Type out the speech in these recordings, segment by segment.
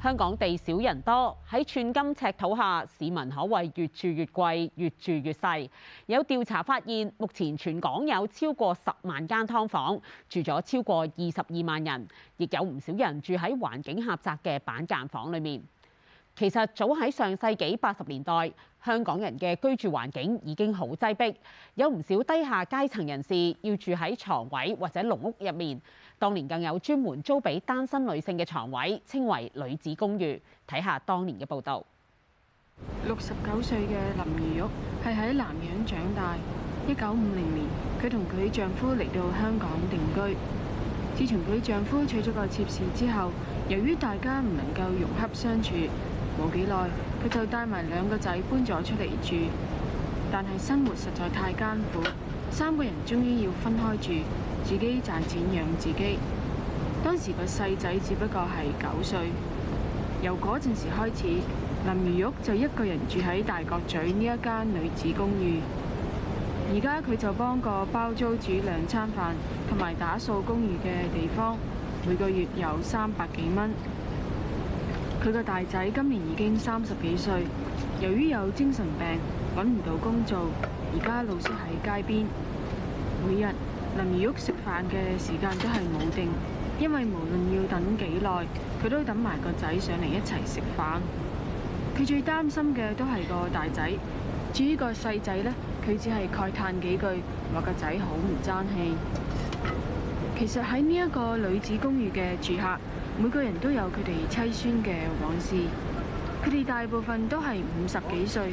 香港地少人多，喺寸金尺土下，市民可謂越住越貴，越住越細，有調查發現，目前全港有超過十萬間劏房，住咗超過二十二萬人，亦有唔少人住喺環境狹窄嘅板間房裏面。其實早喺上世紀八十年代，香港人嘅居住環境已經好擠迫，有唔少低下階層人士要住喺床位或者籠屋入面。當年更有專門租俾單身女性嘅床位，稱為女子公寓。睇下當年嘅報導。六十九歲嘅林如玉係喺南洋長大，一九五零年佢同佢丈夫嚟到香港定居。自從佢丈夫娶咗個妾侍之後，由於大家唔能夠融洽相處。冇幾耐，佢就帶埋兩個仔搬咗出嚟住，但係生活實在太艱苦，三個人終於要分開住，自己賺錢養自己。當時個細仔只不過係九歲，由嗰陣時開始，林如玉就一個人住喺大角咀呢一間女子公寓。而家佢就幫個包租煮兩餐飯同埋打掃公寓嘅地方，每個月有三百幾蚊。佢個大仔今年已經三十幾歲，由於有精神病，揾唔到工做，而家露宿喺街邊。每日淋雨屋食飯嘅時間都係冇定，因為無論要等幾耐，佢都等埋個仔上嚟一齊食飯。佢最擔心嘅都係個大仔，至於個細仔呢，佢只係慨嘆幾句，話個仔好唔爭氣。其實喺呢一個女子公寓嘅住客。每個人都有佢哋妻孫嘅往事，佢哋大部分都係五十幾歲，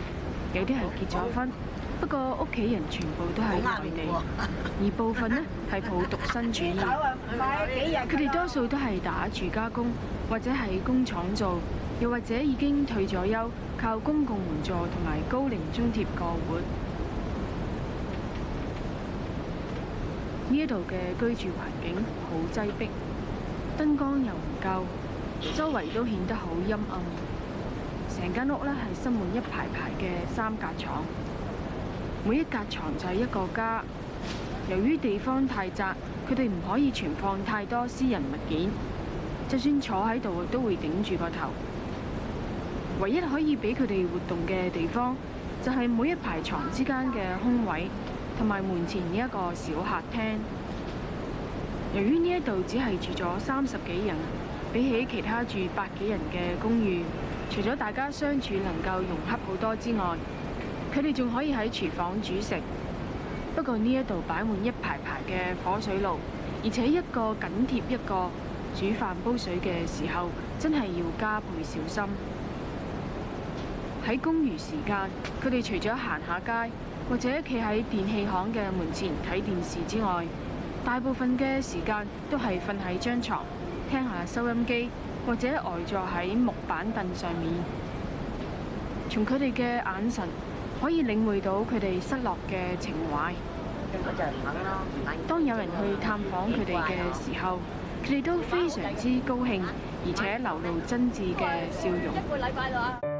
有啲係結咗婚，不過屋企人全部都係外地，而部分呢，係抱獨身主義。佢哋 多數都係打住家工，或者喺工廠做，又或者已經退咗休，靠公共援助同埋高齡津貼過活。呢一度嘅居住環境好擠迫。燈光又唔夠，周圍都顯得好陰暗。成間屋咧係塞滿一排排嘅三格床。每一格床就係一個家。由於地方太窄，佢哋唔可以存放太多私人物件，就算坐喺度都會頂住個頭。唯一可以俾佢哋活動嘅地方，就係每一排床之間嘅空位，同埋門前呢一個小客廳。由於呢一度只係住咗三十幾人，比起其他住百幾人嘅公寓，除咗大家相處能夠融洽好多之外，佢哋仲可以喺廚房煮食。不過呢一度擺滿一排排嘅火水爐，而且一個緊貼一個，煮飯煲水嘅時候真係要加倍小心。喺公餘時間，佢哋除咗行下街或者企喺電器行嘅門前睇電視之外，大部分嘅時間都係瞓喺張牀，聽下收音機，或者呆坐喺木板凳上面。從佢哋嘅眼神可以領會到佢哋失落嘅情懷。當有人去探訪佢哋嘅時候，佢哋都非常之高興，而且流露真摯嘅笑容。